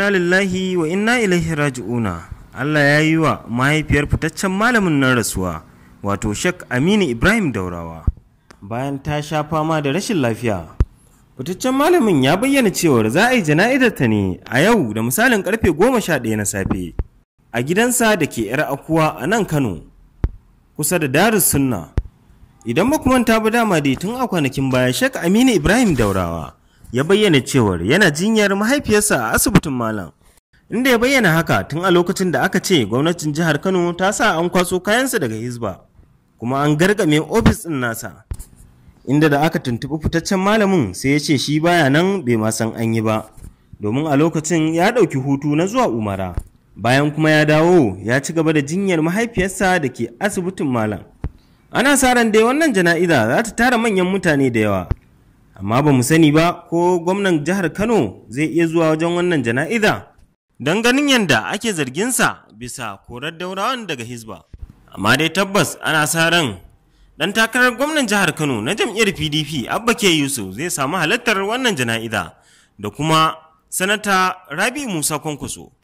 inna lillahi wa inna ilaihi raji'una Allah ya yi wa mahaifiyar fitaccen malamin nan rasuwa wato Sheikh Aminu Ibrahim Daurawa bayan ta sha fama da rashin lafiya fitaccen malamin ya bayyana cewar za a yi jana'izar ta ne a yau da misalin karfe ɗaya na safe a gidansa da ke yar akuwa a nan Kano kusa da Darus Sunna idan ba manta ba dama dai tun a kwanakin baya Sheikh Aminu Ibrahim Daurawa ya bayyana cewar yana jinyar mahaifiyarsa a asibitin malam inda ya bayyana haka tun a lokacin da aka ce gwamnatin jihar kano ta sa an kwaso kayansa daga Hisba, kuma an gargame ofis ɗin nasa inda da aka tuntuɓi fitaccen malamin sai ya ce shi baya nan bai ma san an yi ba domin a lokacin ya ɗauki hutu na zuwa umara bayan kuma ya dawo ya ci gaba da jinyar mahaifiyarsa da ke asibitin malam ana sa ran dai wannan jana'iza za ta tara manyan mutane da yawa amma ba mu sani ba ko gwamnan jihar Kano zai iya zuwa wajen wannan jana'iza don ganin yadda ake zarginsa bisa korar daurawan daga Hizba. Amma dai tabbas ana sa ran ɗan takarar gwamnan jihar Kano na jam'iyyar PDP Abba K Yusuf zai samu halartar wannan jana'iza da kuma sanata Rabi Musa Kwankwaso.